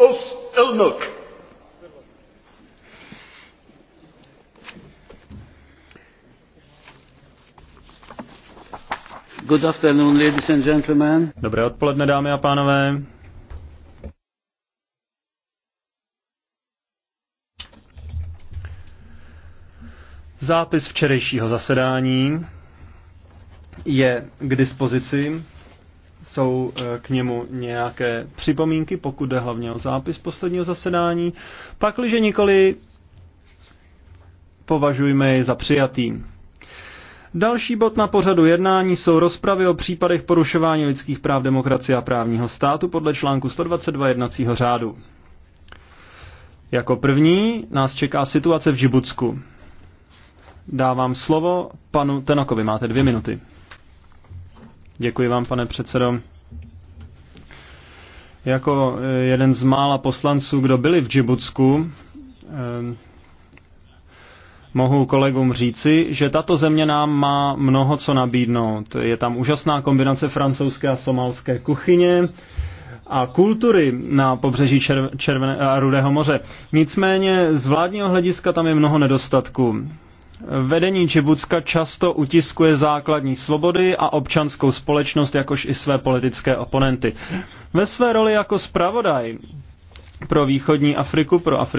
Os Elnök. Good afternoon, ladies and gentlemen. Dobré odpoledne, dámy a pánové. Zápis včerejšího zasedání je k dispozici jsou eh, k němu nějaké připomínky, pokud jde hlavně o zápis posledního zasedání. Pakliže nikoli, považujme jej za přijatý. Další bod na pořadu jednání jsou rozpravy o případech porušování lidských práv demokracie a právního státu podle článku 122 jednacího řádu. Jako první nás čeká situace v Žibucku. Dávám slovo panu Tenokovi. Máte dvě minuty. Děkuji vám, pane předsedo. Jako eh, jeden z mála poslanců, kdo byli v Džibutsku, eh, mohu kolegům říci, že tato země nám má mnoho co nabídnout. Je tam úžasná kombinace francouzské a somalské kuchyně a kultury na pobřeží Červené a Rudého moře. Nicméně z vládního hlediska tam je mnoho nedostatků. Vedení Čibucka často utiskuje základní svobody a občanskou společnost, jakož i své politické oponenty. Ve své roli jako zpravodaj pro východní Afriku, pro Afriku,